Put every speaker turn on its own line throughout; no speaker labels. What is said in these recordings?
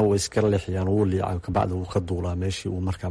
way leexiyaan wuu kabacdi wuu ka duulaa meeshii uu markaa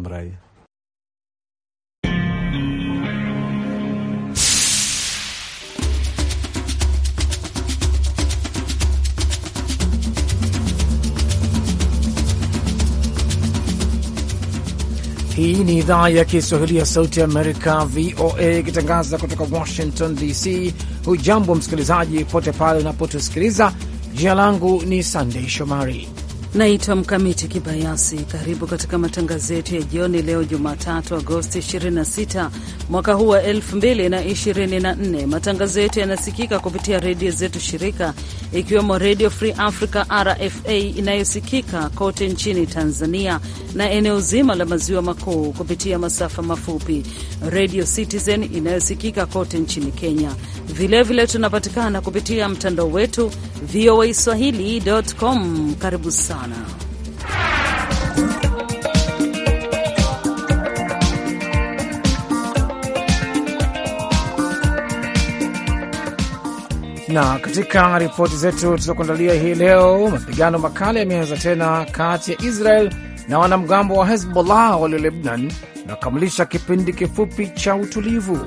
Hii ni idhaa ya Kiswahili ya Sauti ya Amerika, VOA, ikitangaza kutoka Washington DC. Hujambo
msikilizaji pote pale unapotusikiliza. Jina langu ni Sandei Shomari Naitwa Mkamiti Kibayasi. Karibu katika matangazo yetu ya jioni leo Jumatatu, Agosti 26 mwaka huu wa 2024. Matangazo yetu yanasikika kupitia redio zetu shirika, ikiwemo Redio Free Africa RFA inayosikika kote nchini Tanzania na eneo zima la maziwa makuu kupitia masafa mafupi, Redio Citizen inayosikika kote nchini Kenya. Vilevile tunapatikana kupitia mtandao wetu VOA Swahili.com. Karibu sana.
Na katika ripoti zetu tulizokuandalia hii leo, mapigano makali yameanza tena kati ya Israel na wanamgambo wa Hezbollah walio Lebanon na kukamilisha kipindi kifupi cha utulivu.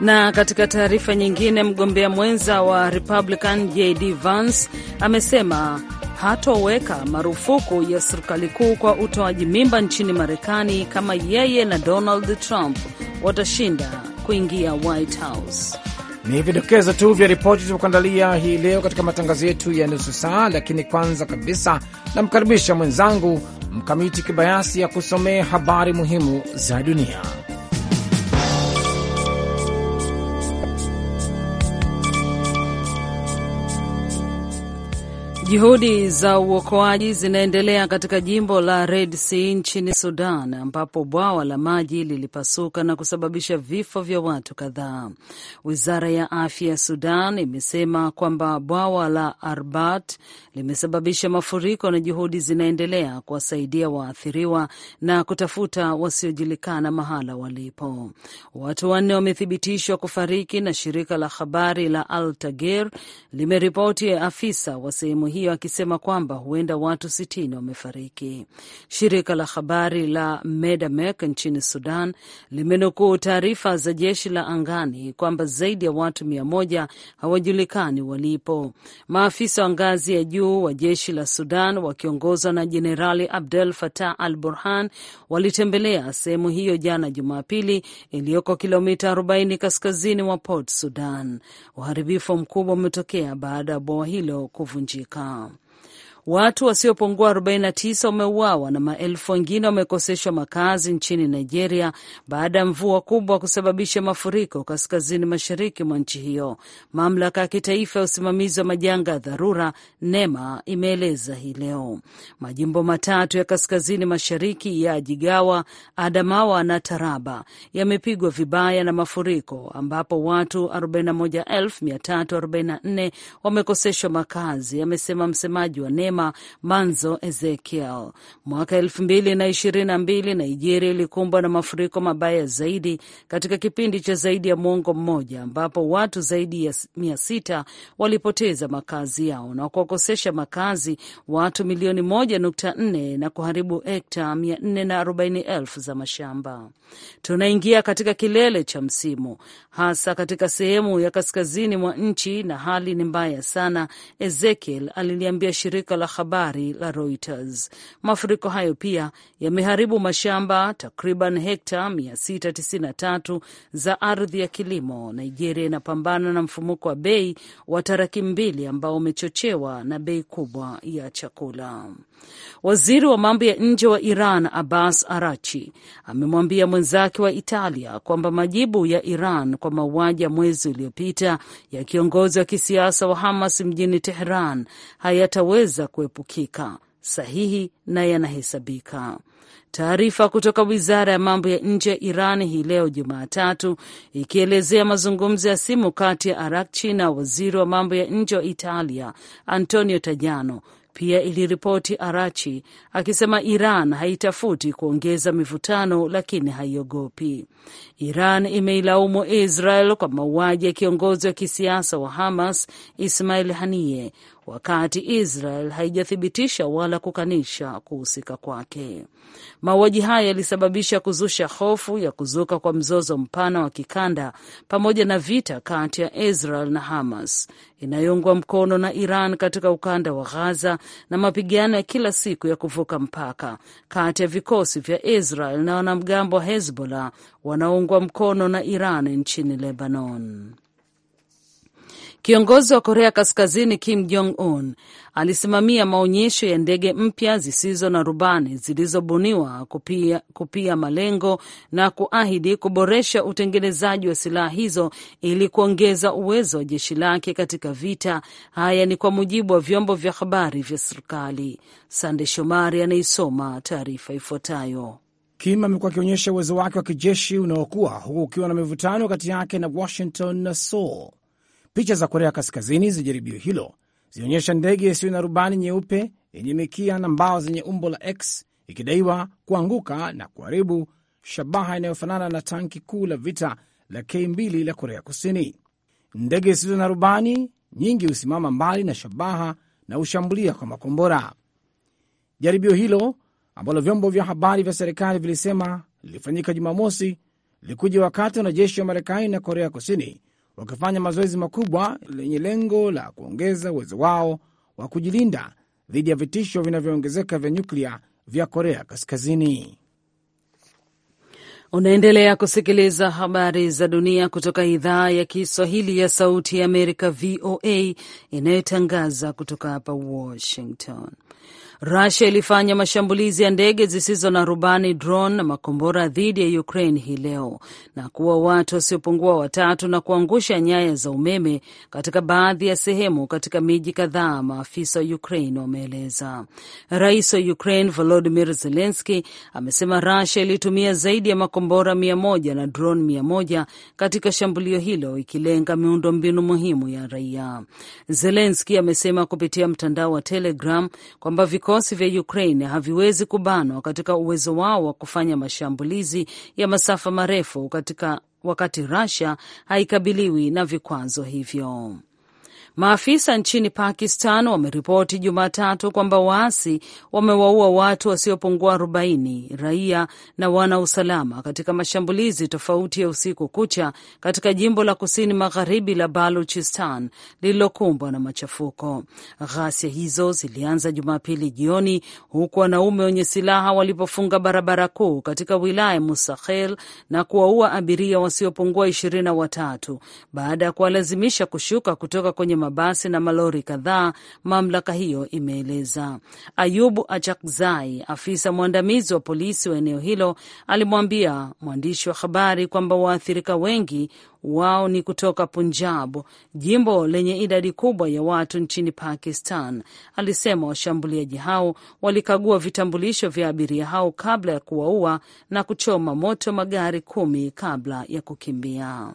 Na katika taarifa nyingine, mgombea mwenza wa Republican JD Vance amesema hatoweka marufuku ya serikali kuu kwa utoaji mimba nchini Marekani kama yeye na Donald Trump watashinda kuingia White House.
Ni vidokezo tu vya ripoti tulivyokuandalia hii leo katika matangazo yetu ya nusu saa, lakini kwanza kabisa namkaribisha mwenzangu Mkamiti Kibayasi ya kusomea habari muhimu
za dunia. Juhudi za uokoaji zinaendelea katika jimbo la Red Sea nchini Sudan, ambapo bwawa la maji lilipasuka na kusababisha vifo vya watu kadhaa. Wizara ya afya ya Sudan imesema kwamba bwawa la Arbat limesababisha mafuriko na juhudi zinaendelea kuwasaidia waathiriwa na kutafuta wasiojulikana mahala walipo. Watu wanne wamethibitishwa kufariki na shirika la habari la Al Tagir limeripoti afisa wa sehemu hiyo akisema kwamba huenda watu sitini wamefariki. Shirika la habari la Medamek nchini Sudan limenukuu taarifa za jeshi la angani kwamba zaidi ya watu mia moja hawajulikani walipo. Maafisa wa ngazi ya juu wa jeshi la Sudan wakiongozwa na Jenerali Abdel fatah al Burhan walitembelea sehemu hiyo jana Jumapili, iliyoko kilomita 40 kaskazini mwa Port Sudan. Uharibifu mkubwa umetokea baada ya bwawa hilo kuvunjika. um, Watu wasiopungua 49 wameuawa na maelfu wengine wamekoseshwa makazi nchini Nigeria baada ya mvua kubwa kusababisha mafuriko kaskazini mashariki mwa nchi hiyo. Mamlaka ya kitaifa ya usimamizi wa majanga ya dharura NEMA imeeleza hii leo majimbo matatu ya kaskazini mashariki ya Jigawa, Adamawa na Taraba yamepigwa vibaya na mafuriko, ambapo watu 41344 wamekoseshwa makazi, amesema msemaji wa NEMA amesema Manzo Ezekiel. Mwaka elfu mbili na ishirini na mbili Nigeria ilikumbwa na mafuriko mabaya zaidi katika kipindi cha zaidi ya mwongo mmoja, ambapo watu zaidi ya mia sita walipoteza makazi yao na kuwakosesha makazi watu milioni moja nukta nne na kuharibu hekta mia nne na arobaini elfu za mashamba. Tunaingia katika kilele cha msimu, hasa katika sehemu ya kaskazini mwa nchi na hali ni mbaya sana, Ezekiel aliliambia shirika la habari la Reuters. Mafuriko hayo pia yameharibu mashamba takriban hekta 693 za ardhi ya kilimo. Nigeria inapambana na mfumuko wa bei wa tarakimu mbili ambao umechochewa na bei kubwa ya chakula. Waziri wa mambo ya nje wa Iran Abbas Arachi amemwambia mwenzake wa Italia kwamba majibu ya Iran kwa mauaji ya mwezi uliopita ya kiongozi wa kisiasa wa Hamas mjini Tehran hayataweza kuepukika sahihi na yanahesabika. Taarifa kutoka wizara ya mambo ya nje ya Iran hii leo Jumatatu ikielezea mazungumzo ya simu kati ya Arakchi na waziri wa mambo ya nje wa Italia Antonio Tajano pia iliripoti Arachi akisema Iran haitafuti kuongeza mivutano, lakini haiogopi. Iran imeilaumu Israel kwa mauaji ya kiongozi wa kisiasa wa Hamas Ismail Haniyeh wakati Israel haijathibitisha wala kukanisha kuhusika kwake. Mauaji haya yalisababisha kuzusha hofu ya kuzuka kwa mzozo mpana wa kikanda pamoja na vita kati ya Israel na Hamas inayoungwa mkono na Iran katika ukanda wa Ghaza na mapigano ya kila siku ya kuvuka mpaka kati ya vikosi vya Israel na wanamgambo wa Hezbollah wanaoungwa mkono na Iran nchini Lebanon. Kiongozi wa Korea Kaskazini Kim Jong Un alisimamia maonyesho ya ndege mpya zisizo na rubani zilizobuniwa kupia, kupia malengo na kuahidi kuboresha utengenezaji wa silaha hizo ili kuongeza uwezo wa jeshi lake katika vita. Haya ni kwa mujibu wa vyombo vya habari vya serikali. Sande Shomari anaisoma taarifa ifuatayo. Kim amekuwa akionyesha uwezo wake wa kijeshi unaokuwa huku ukiwa na mivutano kati yake na Washington na Seoul.
Picha za Korea Kaskazini za jaribio hilo zilionyesha ndege isiyo na rubani nyeupe yenye mikia na mbao zenye umbo la X ikidaiwa kuanguka na kuharibu shabaha inayofanana na tanki kuu la vita la K2 la Korea Kusini. Ndege zisizo na rubani nyingi husimama mbali na shabaha na hushambulia kwa makombora. Jaribio hilo ambalo vyombo vya habari vya serikali vilisema lilifanyika Jumamosi lilikuja wakati wanajeshi wa Marekani na Korea Kusini wakifanya mazoezi makubwa lenye lengo la kuongeza uwezo wao wa kujilinda dhidi ya vitisho
vinavyoongezeka vya nyuklia vya Korea Kaskazini. Unaendelea kusikiliza habari za dunia kutoka idhaa ya Kiswahili ya Sauti ya Amerika, VOA, inayotangaza kutoka hapa Washington. Rusia ilifanya mashambulizi ya ndege zisizo na rubani drone na makombora dhidi ya Ukraine hii leo na kuwa watu wasiopungua watatu na kuangusha nyaya za umeme katika baadhi ya sehemu katika miji kadhaa, maafisa wa Ukraine wameeleza. Rais wa Ukraine Volodimir Zelenski amesema Rusia ilitumia zaidi ya makombora mia moja na drone mia moja katika shambulio hilo, ikilenga miundo mbinu muhimu ya raia. Zelenski amesema kupitia mtandao wa Telegram kwamba vikosi vya Ukraine haviwezi kubanwa katika uwezo wao wa kufanya mashambulizi ya masafa marefu katika wakati Russia haikabiliwi na vikwazo hivyo. Maafisa nchini Pakistan wameripoti Jumatatu kwamba waasi wamewaua watu wasiopungua 40 raia na wana usalama katika mashambulizi tofauti ya usiku kucha katika jimbo la kusini magharibi la Baluchistan lililokumbwa na machafuko. Ghasia hizo zilianza Jumapili jioni, huku wanaume wenye silaha walipofunga barabara kuu katika wilaya Musakhel na kuwaua abiria wasiopungua ishirini na watatu baada ya kuwalazimisha kushuka kutoka kwenye mabasi na malori kadhaa, mamlaka hiyo imeeleza. Ayubu Achakzai, afisa mwandamizi wa polisi wa eneo hilo, alimwambia mwandishi wa habari kwamba waathirika wengi wao ni kutoka Punjab, jimbo lenye idadi kubwa ya watu nchini Pakistan. Alisema washambuliaji hao walikagua vitambulisho vya abiria hao kabla ya kuwaua na kuchoma moto magari kumi kabla ya kukimbia.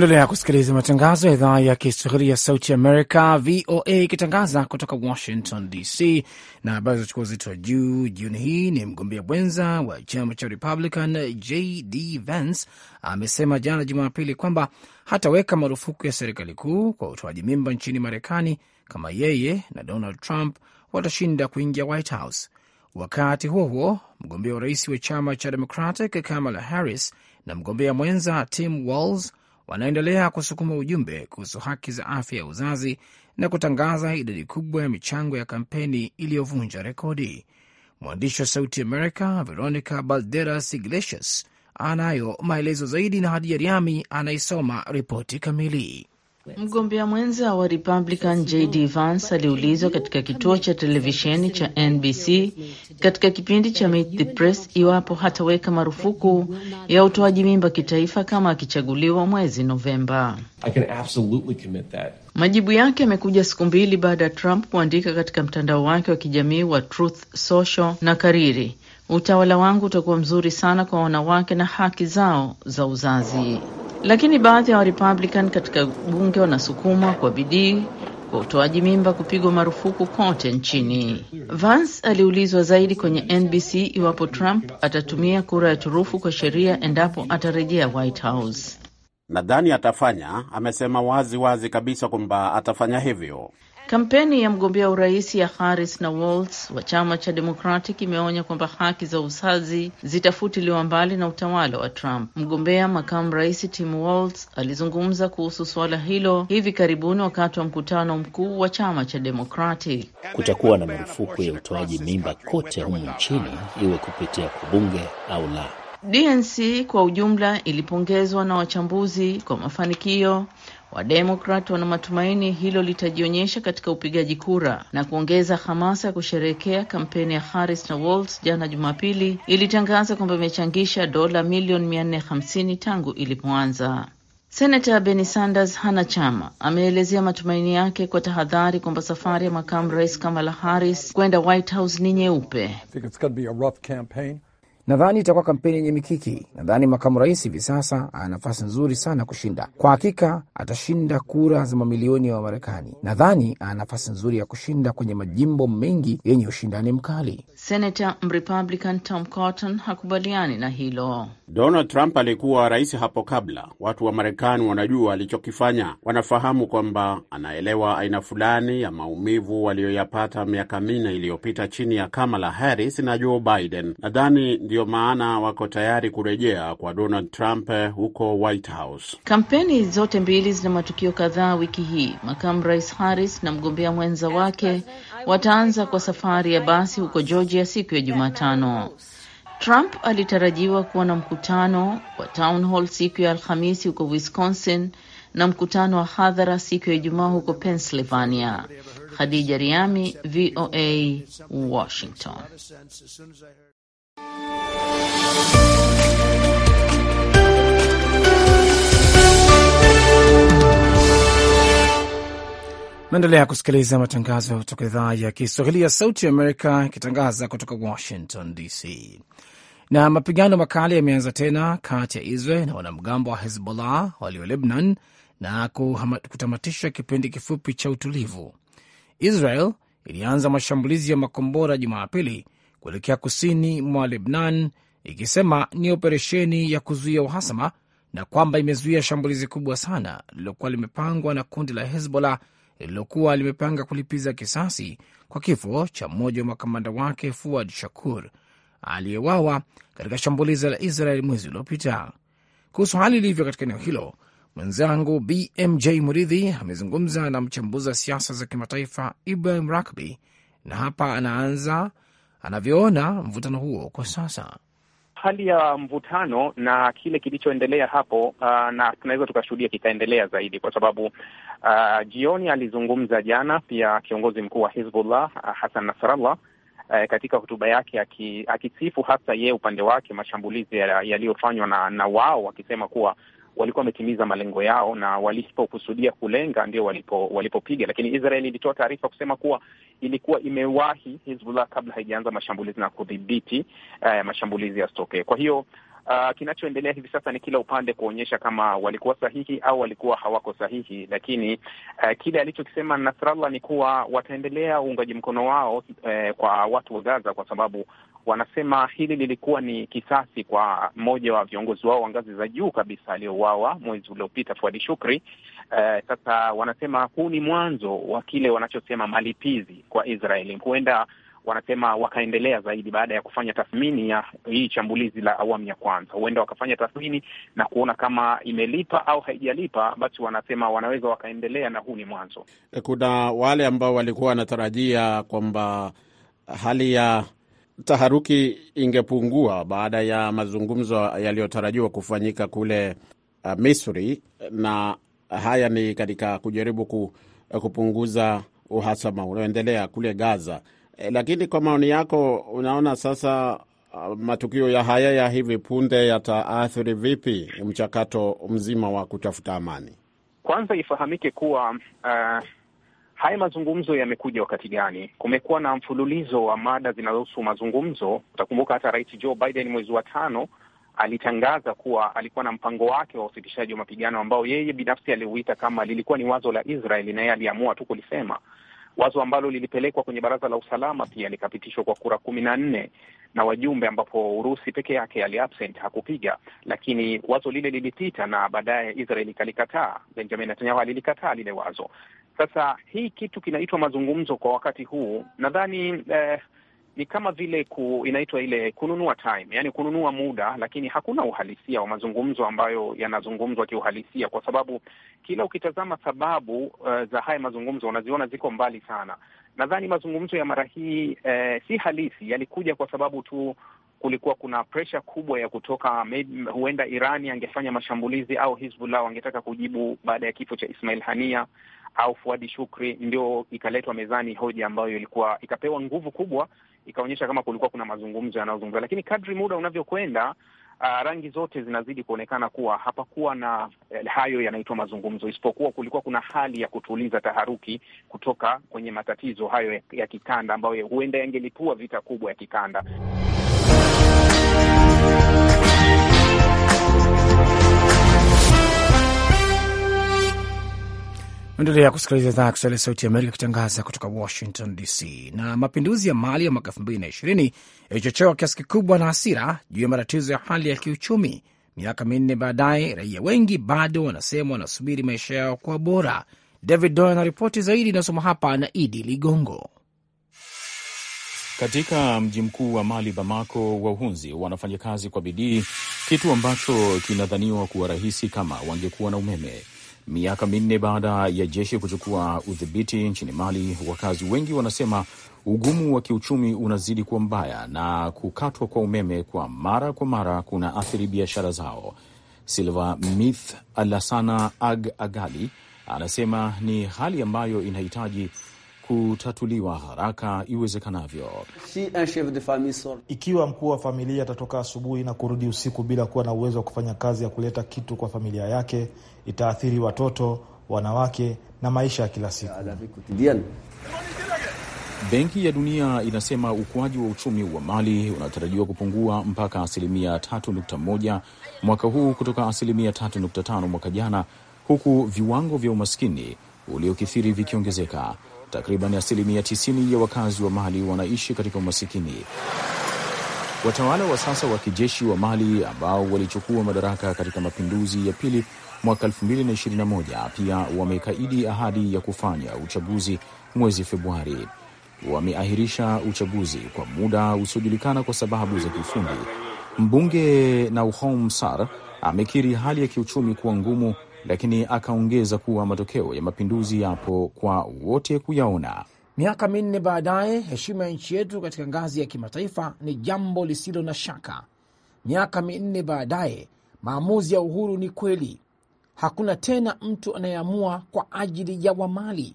Unaendelea kusikiliza matangazo ya idhaa ya Kiswahili ya Sauti Amerika, VOA, ikitangaza kutoka Washington DC. Na habari zachukua uzito wa juu jioni hii ni mgombea mwenza wa chama cha Republican JD Vance amesema jana Jumapili kwamba hataweka marufuku ya serikali kuu kwa utoaji mimba nchini Marekani kama yeye na Donald Trump watashinda kuingia White House. Wakati huo huo, mgombea wa rais wa chama cha Democratic Kamala Harris na mgombea mwenza Tim Walz wanaendelea kusukuma ujumbe kuhusu haki za afya ya uzazi na kutangaza idadi kubwa ya michango ya kampeni iliyovunja rekodi. Mwandishi wa Sauti america Veronica Balderas Iglesias anayo maelezo zaidi, na Hadija Riami anaisoma ripoti kamili.
Mgombea mwenza wa Republican JD Vance aliulizwa katika kituo cha televisheni cha NBC katika kipindi cha Meet the Press iwapo hataweka marufuku ya utoaji mimba kitaifa kama akichaguliwa mwezi Novemba. Majibu yake yamekuja siku mbili baada ya Trump kuandika katika mtandao wake wa kijamii wa Truth Social na kariri utawala wangu utakuwa mzuri sana kwa wanawake na haki zao za uzazi. Lakini baadhi ya wa Republican katika bunge wanasukuma kwa bidii kwa utoaji mimba kupigwa marufuku kote nchini. Vance aliulizwa zaidi kwenye NBC iwapo Trump atatumia kura ya turufu kwa sheria endapo atarejea White House.
Nadhani atafanya, amesema wazi wazi kabisa kwamba atafanya hivyo.
Kampeni ya mgombea urais ya Harris na Walz wa chama cha Democratic imeonya kwamba haki za uzazi zitafutiliwa mbali na utawala wa Trump. Mgombea makamu rais Tim Walz alizungumza kuhusu suala hilo hivi karibuni wakati wa mkutano mkuu wa chama cha Democratic.
Kutakuwa na marufuku ya utoaji mimba kote humu nchini, iwe kupitia kwa bunge
au la. DNC kwa ujumla ilipongezwa na wachambuzi kwa mafanikio Wademokrat wana matumaini hilo litajionyesha katika upigaji kura na kuongeza hamasa ya kusherehekea. Kampeni ya Harris na Walz jana Jumapili ilitangaza kwamba imechangisha dola milioni 450 tangu ilipoanza. Senata Bernie Sanders hana chama, ameelezea matumaini yake kwa tahadhari kwamba safari ya makamu rais Kamala Harris kwenda White House ni nyeupe.
Nadhani itakuwa kampeni yenye mikiki. Nadhani makamu rais hivi sasa ana nafasi nzuri sana kushinda. Kwa hakika atashinda kura za mamilioni ya Wamarekani. Nadhani ana nafasi
nzuri ya kushinda kwenye majimbo mengi
yenye ushindani mkali.
Senata Mrepublican Tom Cotton hakubaliani na hilo.
Donald Trump alikuwa rais hapo kabla. Watu wa Marekani wanajua alichokifanya, wanafahamu kwamba anaelewa aina fulani ya maumivu waliyoyapata miaka minne iliyopita chini ya Kamala Harris na Joe Biden. Nadhani ndio ndiyo maana wako tayari kurejea kwa Donald Trump eh, huko White House.
Kampeni zote mbili zina matukio kadhaa wiki hii. Makamu Rais Harris na mgombea mwenza wake wataanza kwa safari ya basi huko Georgia siku ya Jumatano. Trump alitarajiwa kuwa na mkutano wa town hall siku ya Alhamisi huko Wisconsin na mkutano wa hadhara siku ya Ijumaa huko Pennsylvania. Khadija Riami, VOA, Washington.
Naendelea kusikiliza matangazo kutoka idhaa ya Kiswahili ya Sauti ya Amerika ikitangaza kutoka Washington DC. Na mapigano makali yameanza tena kati ya Israel na wanamgambo wa Hezbollah walio Lebanon na kutamatisha kipindi kifupi cha utulivu. Israel ilianza mashambulizi ya makombora Jumapili kuelekea kusini mwa Lebanon ikisema ni operesheni ya kuzuia uhasama na kwamba imezuia shambulizi kubwa sana lililokuwa limepangwa na kundi la Hezbollah lililokuwa limepanga kulipiza kisasi kwa kifo cha mmoja wa makamanda wake Fuad Shakur aliyewawa katika shambulizi la Israel mwezi uliopita. Kuhusu hali ilivyo katika eneo hilo, mwenzangu BMJ Muridhi amezungumza na mchambuzi wa siasa za kimataifa Ibrahim Rakbi, na hapa anaanza anavyoona mvutano huo kwa sasa
hali ya mvutano na kile kilichoendelea hapo uh, na tunaweza tukashuhudia kikaendelea zaidi, kwa sababu uh, jioni alizungumza jana pia kiongozi mkuu wa Hizbullah uh, Hassan Nasrallah uh, katika hotuba yake akisifu hasa yeye upande wake mashambulizi yaliyofanywa ya na, na wao wakisema kuwa walikuwa wametimiza malengo yao na walipokusudia kulenga ndio walipo walipopiga, lakini Israel ilitoa taarifa kusema kuwa ilikuwa imewahi Hizbullah kabla haijaanza mashambulizi na kudhibiti uh, mashambulizi yasitokee. Kwa hiyo Uh, kinachoendelea hivi sasa ni kila upande kuonyesha kama walikuwa sahihi au walikuwa hawako sahihi, lakini uh, kile alichokisema Nasrallah ni kuwa wataendelea uungaji mkono wao uh, kwa watu wa Gaza kwa sababu wanasema hili lilikuwa ni kisasi kwa mmoja wa viongozi wao wa ngazi za juu kabisa aliyouawa mwezi uliopita Fuadi Shukri. Uh, sasa wanasema huu ni mwanzo wa kile wanachosema malipizi kwa Israeli. Huenda wanasema wakaendelea zaidi baada ya kufanya tathmini ya hii shambulizi la awamu ya kwanza. Huenda wakafanya tathmini na kuona kama imelipa au haijalipa, basi wanasema wanaweza wakaendelea, na huu ni mwanzo.
Kuna wale ambao walikuwa wanatarajia kwamba hali ya taharuki ingepungua baada ya mazungumzo yaliyotarajiwa kufanyika kule uh, Misri, na haya ni katika kujaribu ku, uh, kupunguza uhasama unaoendelea kule Gaza. Eh, lakini kwa maoni yako, unaona sasa uh, matukio ya haya ya hivi punde yataathiri vipi mchakato mzima wa kutafuta amani?
Kwanza ifahamike kuwa uh, haya mazungumzo yamekuja wakati gani? Kumekuwa na mfululizo wa mada zinazohusu mazungumzo. Utakumbuka hata Rais Joe Biden mwezi wa tano alitangaza kuwa alikuwa na mpango wake wa usitishaji wa mapigano ambao yeye binafsi aliuita kama lilikuwa ni wazo la israel na yeye aliamua tu kulisema wazo ambalo lilipelekwa kwenye Baraza la Usalama pia likapitishwa kwa kura kumi na nne na wajumbe, ambapo Urusi peke yake ali absent hakupiga, lakini wazo lile lilipita na baadaye Israel ikalikataa. Benjamin Netanyahu alilikataa lile wazo. Sasa hii kitu kinaitwa mazungumzo kwa wakati huu nadhani eh, ni kama vile ku, inaitwa ile kununua time, yani kununua muda, lakini hakuna uhalisia wa mazungumzo ambayo yanazungumzwa kiuhalisia, kwa sababu kila ukitazama sababu uh, za haya mazungumzo unaziona ziko mbali sana. Nadhani mazungumzo ya mara hii uh, si halisi, yalikuja kwa sababu tu kulikuwa kuna presha kubwa ya kutoka maybe, huenda Irani angefanya mashambulizi au Hizbullah wangetaka kujibu baada ya kifo cha Ismail Hania au Fuadi Shukri, ndio ikaletwa mezani hoja ambayo ilikuwa ikapewa nguvu kubwa ikaonyesha kama kulikuwa kuna mazungumzo yanayozungumza, lakini kadri muda unavyokwenda Uh, rangi zote zinazidi kuonekana kuwa hapakuwa na eh, hayo yanaitwa mazungumzo, isipokuwa kulikuwa kuna hali ya kutuliza taharuki kutoka kwenye matatizo hayo ya, ya kikanda ambayo huenda yangelipua vita kubwa ya kikanda.
Endelea kusikiliza idhaa ya Kiswahili ya Sauti ya Amerika ikitangaza kutoka Washington DC. Na mapinduzi ya Mali ya mwaka elfu mbili na ishirini yalichochewa kiasi kikubwa na hasira juu ya matatizo ya hali ya kiuchumi. Miaka minne baadaye, raia wengi bado wanasema wanasubiri maisha yao kuwa bora. David Doe anaripoti zaidi, inasoma hapa na Idi Ligongo.
Katika mji mkuu wa Mali, Bamako, wahunzi wanafanya kazi kwa bidii, kitu ambacho kinadhaniwa kuwa rahisi kama wangekuwa na umeme Miaka minne baada ya jeshi kuchukua udhibiti nchini Mali, wakazi wengi wanasema ugumu wa kiuchumi unazidi kuwa mbaya na kukatwa kwa umeme kwa mara kwa mara kuna athiri biashara zao. Silva Mith Alasana Ag Agali anasema ni hali ambayo inahitaji kutatuliwa haraka iwezekanavyo.
Ikiwa mkuu wa familia atatoka asubuhi na kurudi usiku bila kuwa na uwezo wa kufanya kazi ya kuleta kitu kwa familia yake, itaathiri watoto, wanawake na maisha ya kila siku.
Benki ya Dunia inasema ukuaji wa uchumi wa Mali unatarajiwa kupungua mpaka asilimia 3.1 mwaka huu kutoka asilimia 3.5 mwaka jana, huku viwango vya umaskini uliokithiri vikiongezeka. Takriban asilimia 90 ya wakazi wa Mali wanaishi katika umasikini. Watawala wa sasa wa kijeshi wa Mali ambao walichukua madaraka katika mapinduzi ya pili mwaka 2021 pia wamekaidi ahadi ya kufanya uchaguzi mwezi Februari. Wameahirisha uchaguzi kwa muda usiojulikana kwa sababu za kiufundi. Mbunge Nauhom Sar amekiri hali ya kiuchumi kuwa ngumu lakini akaongeza kuwa matokeo ya mapinduzi yapo kwa wote kuyaona.
Miaka minne baadaye, heshima ya nchi yetu katika ngazi ya kimataifa ni jambo lisilo na shaka. Miaka minne baadaye, maamuzi ya uhuru ni kweli. Hakuna tena mtu anayeamua kwa ajili ya wamali.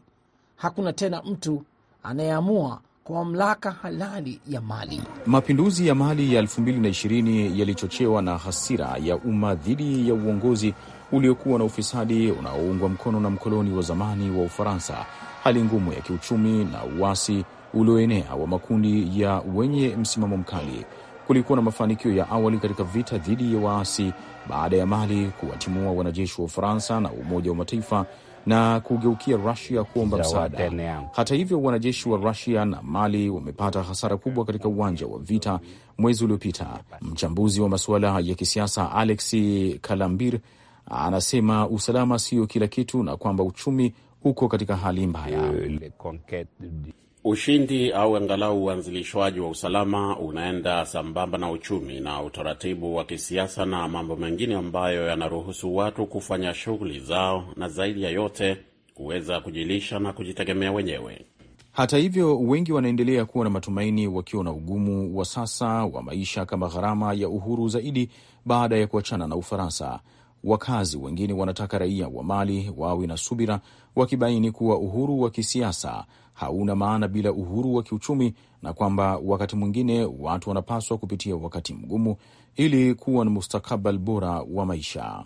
Hakuna tena mtu anayeamua kwa mamlaka halali ya Mali.
Mapinduzi ya Mali ya 2020 yalichochewa na hasira ya umma dhidi ya uongozi uliokuwa na ufisadi unaoungwa mkono na mkoloni wa zamani wa Ufaransa, hali ngumu ya kiuchumi na uasi ulioenea wa makundi ya wenye msimamo mkali. Kulikuwa na mafanikio ya awali katika vita dhidi ya waasi baada ya Mali kuwatimua wanajeshi wa Ufaransa na Umoja wa Mataifa na kugeukia Rusia kuomba msaada. Hata hivyo, wanajeshi wa Rusia na Mali wamepata hasara kubwa katika uwanja wa vita mwezi uliopita. Mchambuzi wa masuala ya kisiasa Alexi Kalambir anasema usalama sio kila kitu na kwamba uchumi uko katika hali mbaya.
Ushindi au angalau uanzilishwaji wa usalama unaenda sambamba na uchumi na utaratibu wa kisiasa na mambo mengine ambayo yanaruhusu watu kufanya shughuli zao na zaidi ya yote kuweza kujilisha na kujitegemea wenyewe.
Hata hivyo, wengi wanaendelea kuwa na matumaini wakiwa na ugumu wa sasa wa maisha kama gharama ya uhuru zaidi baada ya kuachana na Ufaransa. Wakazi wengine wanataka raia wa Mali wawe na subira, wakibaini kuwa uhuru wa kisiasa hauna maana bila uhuru wa kiuchumi, na kwamba wakati mwingine watu wanapaswa kupitia wakati mgumu ili kuwa na mustakabali bora wa maisha.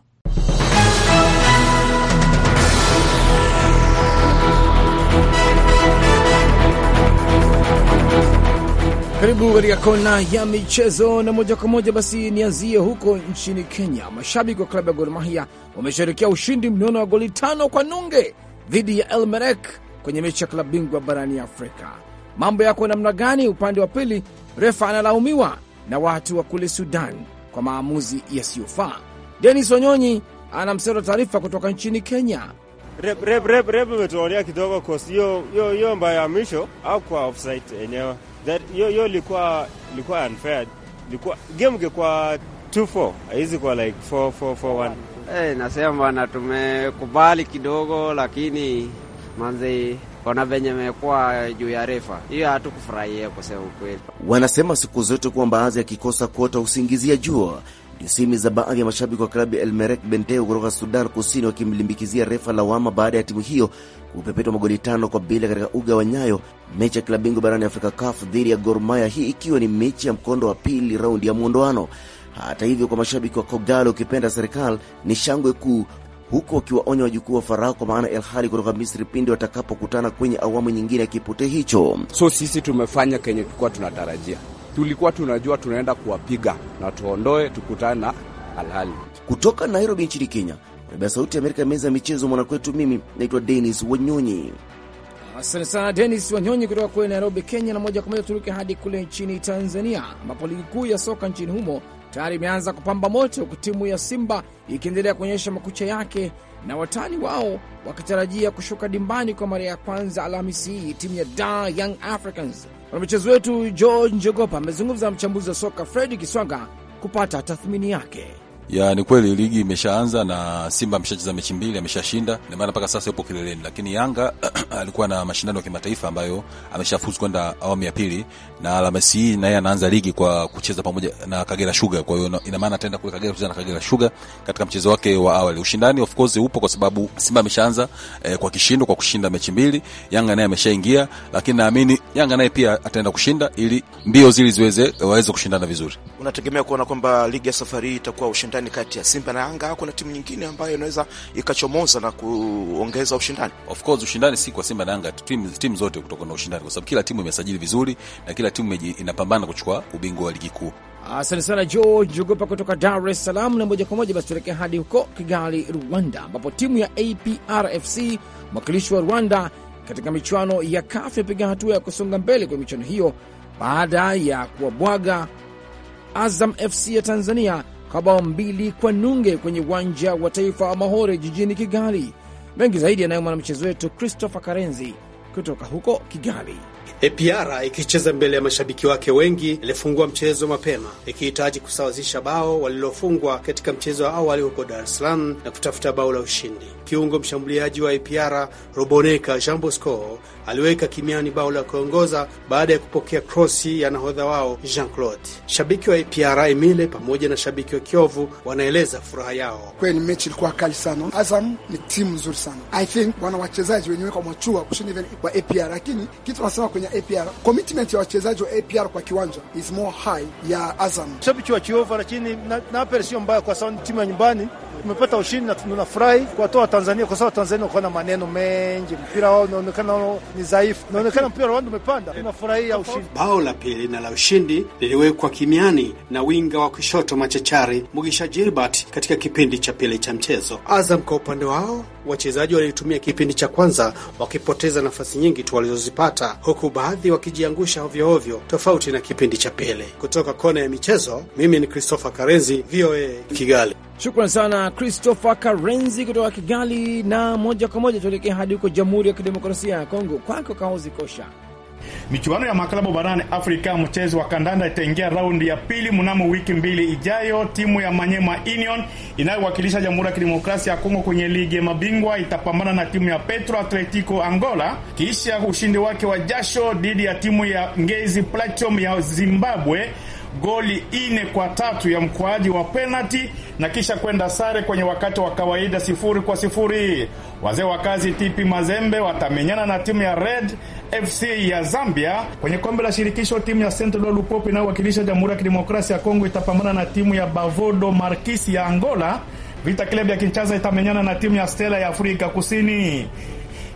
Karibu katika kona ya michezo na moja kwa moja basi, nianzie huko nchini Kenya. Mashabiki wa klabu ya Gor Mahia wamesherekea ushindi mnono wa goli tano kwa nunge dhidi ya Elmerek kwenye mechi ya klabu bingwa barani Afrika. Mambo yako namna gani? Upande wa pili, refa analaumiwa na watu wa kule Sudan kwa maamuzi yasiyofaa. Denis Onyonyi anamsera taarifa kutoka nchini Kenya.
Rep imetuonea kidogo kosi hiyo mbaya ya mwisho au kwa offside yenyewe hiyo hiyo ilikuwa ilikuwa unfair, ilikuwa game ingekuwa 2-4 haizi kwa like 4-4-4-1. Hey, eh, nasema bwana, tumekubali kidogo, lakini manze ona venye imekuwa juu ya refa hiyo, hatukufurahia kusema ukweli. Wanasema siku zote kuwa mbaazi akikosa kuota usingizia jua Tisimi za baadhi ya mashabiki wa klabu ya elmerek Merreikh Benteo kutoka Sudan Kusini wakimlimbikizia refa lawama baada ya timu hiyo kupepetwa magoli tano kwa bila katika uga wa Nyayo, mechi ya klabu bingwa barani Afrika CAF dhidi ya Gor Mahia, hii ikiwa ni mechi ya mkondo wa pili raundi ya muondoano. Hata hivyo, kwa mashabiki wa Kogalo ukipenda serikali ni shangwe kuu, huku wakiwaonya wajukuu wa Farao kwa maana El Hali kutoka Misri pindi watakapokutana kwenye awamu nyingine ya kipute hicho. So sisi tumefanya kenye tulikuwa tunatarajia tulikuwa tunajua tunaenda kuwapiga na tuondoe, tukutane na halali. Kutoka Nairobi nchini Kenya, kwa ya Sauti ya Amerika, meza ya michezo mwanakwetu, mimi naitwa Denis Wanyonyi.
Asante sana Denis Wanyonyi kutoka kule Nairobi, Kenya. Na moja kwa moja turuke hadi kule nchini Tanzania, ambapo ligi kuu ya soka nchini humo tayari imeanza kupamba moto, huku timu ya Simba ikiendelea kuonyesha makucha yake na watani wao wakitarajia kushuka dimbani kwa mara ya kwanza Alhamisi hii timu ya da Young Africans. Mwanamichezo wetu George Njogopa amezungumza na mchambuzi wa soka Fredi Kiswaga kupata tathmini yake
ya ni kweli ligi imeshaanza na Simba ameshacheza mechi mbili, ameshashinda, ndio maana mpaka sasa yupo kileleni, lakini Yanga alikuwa na mashindano ya kimataifa ambayo ameshafuzu kwenda awamu ya pili, na Alhamisi hii naye anaanza ligi kwa kucheza pamoja na Kagera Sugar. Kwa hiyo ina maana ataenda kule Kagera kucheza na Kagera Sugar katika mchezo wake wa awali. Ushindani of course upo kwa sababu Simba ameshaanza eh, kwa kishindo kwa kushinda mechi mbili, Yanga naye ameshaingia, lakini naamini Yanga naye pia ataenda kushinda ili mbio zili ziweze waweze kushindana vizuri.
Unategemea
kuona kwamba ligi ya safari itakuwa ushindani ushindani kati ya Simba na Yanga, kuna timu nyingine ambayo inaweza
ikachomoza na kuongeza ushindani. Of course ushindani si kwa Simba na Yanga, timu zote kutoka na ushindani, kwa sababu kila timu imesajili vizuri na kila timu inapambana kuchukua ubingwa wa ligi kuu.
Asante sana George Njogopa kutoka Dar es Salaam. Na moja kwa moja basi tuelekea hadi huko Kigali, Rwanda, ambapo timu ya APRFC mwakilishi wa Rwanda katika michuano ya kafu yapiga hatua ya kusonga mbele kwenye michuano hiyo baada ya kuwabwaga Azam FC ya Tanzania kwa bao mbili kwa nunge kwenye uwanja wa taifa wa Mahore jijini Kigali. Mengi zaidi anayo mwanamchezo wetu Christopher Karenzi kutoka huko Kigali.
APR ikicheza mbele ya mashabiki wake wengi ilifungua mchezo mapema ikihitaji kusawazisha bao walilofungwa katika mchezo wa awali huko Dar es Salaam na kutafuta bao la ushindi kiungo mshambuliaji wa APR Roboneka Jean Bosco aliweka kimiani bao la kuongoza baada ya kupokea krosi ya nahodha wao Jean Claude. Shabiki wa APR Emile pamoja na shabiki wa Kiovu wanaeleza furaha yao.
Kweli mechi ilikuwa kali sana. Azam ni timu nzuri sana. I think wana wachezaji wenyewe kwa machua kushinda even kwa APR, lakini kitu nasema
kwenye APR commitment ya wachezaji wa APR kwa kiwanja is more high ya Azam. Shabiki wa Kiovu, lakini na, na apel sio mbaya kwa sababu ni timu ya nyumbani tumepata ushindi na tunafurahi kuwatoa Tanzania kwa sababu Tanzania wako na maneno mengi, mpira wao unaonekana ni dhaifu, unaonekana mpira
Rwanda umepanda. Tunafurahia ushindi. Bao la pili na la ushindi liliwekwa kimiani na winga wa kushoto machachari Mugisha Gilbert katika kipindi cha pili cha mchezo. Azam kwa upande wao wachezaji walitumia kipindi cha kwanza wakipoteza nafasi nyingi tu walizozipata, huku baadhi wakijiangusha ovyo ovyo, tofauti na kipindi cha pili. Kutoka kona ya michezo, mimi ni Christopher Karenzi, VOA Kigali. Shukran sana Christopher Karenzi kutoka
Kigali, na moja kwa moja tuelekea hadi huko Jamhuri ya Kidemokrasia ya Kongo, kwako Kaozi Kosha.
Michuano ya maklabu barani Afrika mchezo wa kandanda itaingia raundi ya pili mnamo wiki mbili ijayo. Timu ya Manyema Union inayowakilisha Jamhuri ya Kidemokrasia ya Kongo kwenye ligi ya mabingwa itapambana na timu ya Petro Atletico Angola kisha ushindi wake wa jasho dhidi ya timu ya Ngezi Platinum ya Zimbabwe goli ine kwa tatu ya mkwaji wa penalti na kisha kwenda sare kwenye wakati wa kawaida sifuri kwa sifuri. Wazee wa kazi Tipi Mazembe watamenyana na timu ya Red FC ya Zambia kwenye kombe la shirikisho. Timu ya Central Lupopo inayowakilisha Jamhuri ya Kidemokrasia ya Kongo itapambana na timu ya Bavodo Marquis ya Angola. Vita Club ya Kinshasa itamenyana na timu ya Stella ya Afrika Kusini.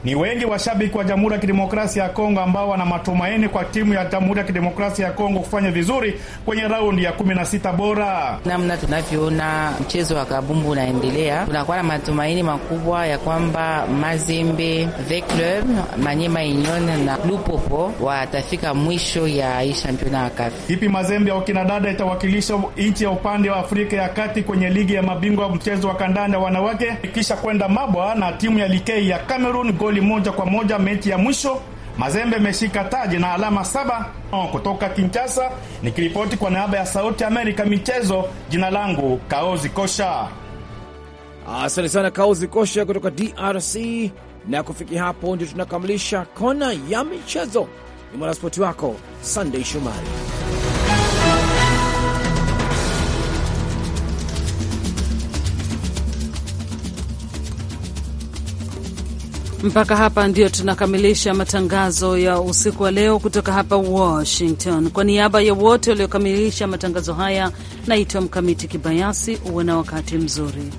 Ni wengi washabiki wa Jamhuri ya Kidemokrasia ya Kongo ambao wana matumaini kwa timu ya Jamhuri ya Kidemokrasia ya Kongo kufanya vizuri kwenye raundi ya 16
bora. Namna tunavyoona mchezo wa kabumbu unaendelea, tunakuwa na matumaini makubwa ya kwamba Mazembe Club, Manyema Union na Lupopo watafika mwisho ya hii shampiona ya Kafi.
Ipi Mazembe ya wakinadada itawakilisha nchi ya upande wa Afrika ya Kati kwenye ligi ya mabingwa mchezo wa kandanda wanawake, kisha kwenda mabwa na timu ya Likei ya Cameroon goli moja kwa moja mechi ya mwisho. Mazembe imeshika taji na alama saba. Kutoka Kinshasa nikiripoti kwa niaba ya Sauti Amerika michezo, jina langu Kaozi Kosha. Asante sana Kaozi Kosha
kutoka DRC. Na kufikia hapo ndio tunakamilisha kona ya michezo. Ni mwanaspoti wako Sunday Shumari.
Mpaka hapa ndio tunakamilisha matangazo ya usiku wa leo kutoka hapa Washington. Kwa niaba ya wote waliokamilisha matangazo haya, naitwa Mkamiti Kibayasi. Uwe na wakati mzuri.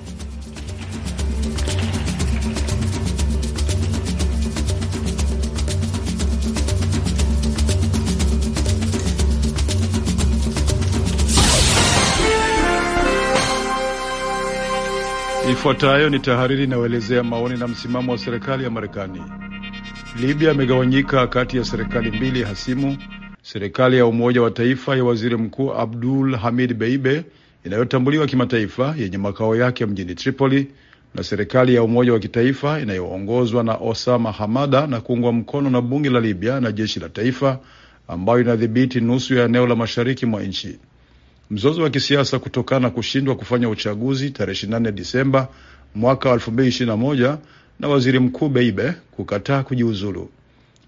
Ifuatayo ni tahariri inayoelezea maoni na msimamo wa serikali ya Marekani. Libya imegawanyika kati ya serikali mbili hasimu, serikali ya umoja wa taifa ya waziri mkuu Abdul Hamid Beibe inayotambuliwa kimataifa yenye makao yake mjini Tripoli na serikali ya umoja wa kitaifa inayoongozwa na Osama Hamada na kuungwa mkono na bunge la Libya na jeshi la taifa ambayo inadhibiti nusu ya eneo la mashariki mwa nchi mzozo wa kisiasa kutokana na kushindwa kufanya uchaguzi tarehe 28 Disemba mwaka 2021 na waziri mkuu Beibe kukataa kujiuzulu.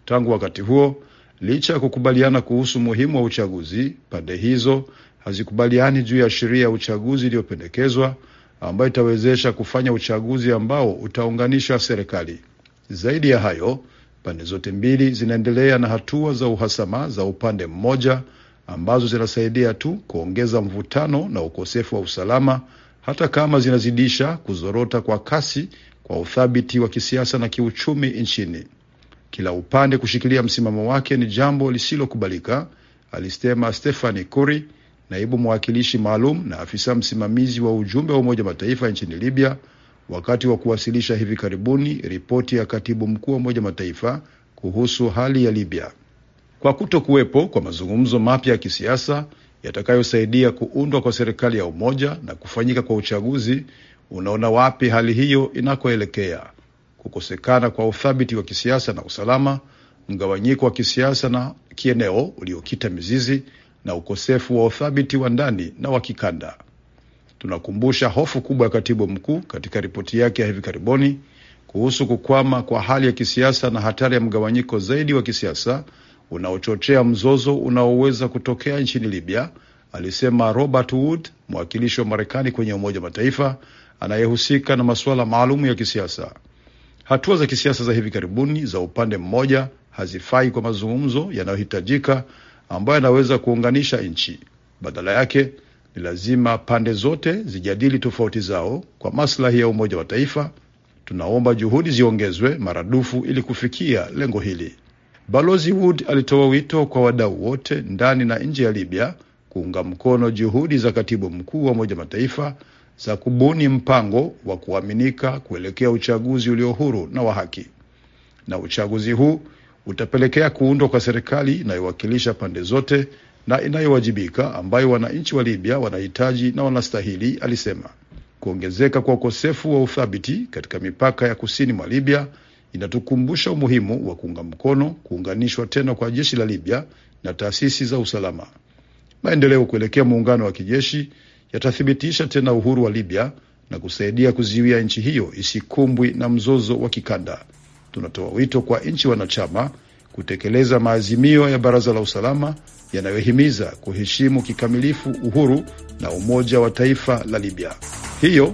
Tangu wakati huo, licha ya kukubaliana kuhusu umuhimu wa uchaguzi, pande hizo hazikubaliani juu ya sheria ya uchaguzi iliyopendekezwa ambayo itawezesha kufanya uchaguzi ambao utaunganisha serikali. Zaidi ya hayo, pande zote mbili zinaendelea na hatua za uhasama za upande mmoja ambazo zinasaidia tu kuongeza mvutano na ukosefu wa usalama, hata kama zinazidisha kuzorota kwa kasi kwa uthabiti wa kisiasa na kiuchumi nchini. Kila upande kushikilia msimamo wake ni jambo lisilokubalika, alisema Stephanie Kuri, naibu mwakilishi maalum na afisa msimamizi wa ujumbe wa Umoja Mataifa nchini Libya, wakati wa kuwasilisha hivi karibuni ripoti ya katibu mkuu wa Umoja Mataifa kuhusu hali ya Libya kwa kuto kuwepo kwa mazungumzo mapya ya kisiasa yatakayosaidia kuundwa kwa serikali ya umoja na kufanyika kwa uchaguzi. Unaona wapi hali hiyo inakoelekea? Kukosekana kwa uthabiti wa kisiasa na usalama, mgawanyiko wa kisiasa na kieneo uliokita mizizi, na ukosefu wa uthabiti wa ndani na wa kikanda. Tunakumbusha hofu kubwa ya katibu mkuu katika ripoti yake ya hivi karibuni kuhusu kukwama kwa hali ya kisiasa na hatari ya mgawanyiko zaidi wa kisiasa unaochochea mzozo unaoweza kutokea nchini Libya, alisema Robert Wood, mwakilishi wa Marekani kwenye Umoja Mataifa anayehusika na masuala maalum ya kisiasa. Hatua za kisiasa za hivi karibuni za upande mmoja hazifai kwa mazungumzo yanayohitajika ambayo yanaweza kuunganisha nchi. Badala yake ni lazima pande zote zijadili tofauti zao kwa maslahi ya Umoja wa Taifa. Tunaomba juhudi ziongezwe maradufu ili kufikia lengo hili. Balozi Wood alitoa wito kwa wadau wote ndani na nje ya Libya kuunga mkono juhudi za katibu mkuu wa Umoja Mataifa za kubuni mpango wa kuaminika kuelekea uchaguzi ulio huru na wa haki. Na uchaguzi huu utapelekea kuundwa kwa serikali inayowakilisha pande zote na inayowajibika ambayo wananchi wa Libya wanahitaji na wanastahili, alisema. Kuongezeka kwa ukosefu wa uthabiti katika mipaka ya kusini mwa Libya inatukumbusha umuhimu wa kuunga mkono kuunganishwa tena kwa jeshi la Libya na taasisi za usalama. Maendeleo kuelekea muungano wa kijeshi yatathibitisha tena uhuru wa Libya na kusaidia kuziwia nchi hiyo isikumbwi na mzozo wa kikanda. Tunatoa wito kwa nchi wanachama kutekeleza maazimio ya Baraza la Usalama yanayohimiza kuheshimu kikamilifu uhuru na umoja wa taifa la Libya. Hiyo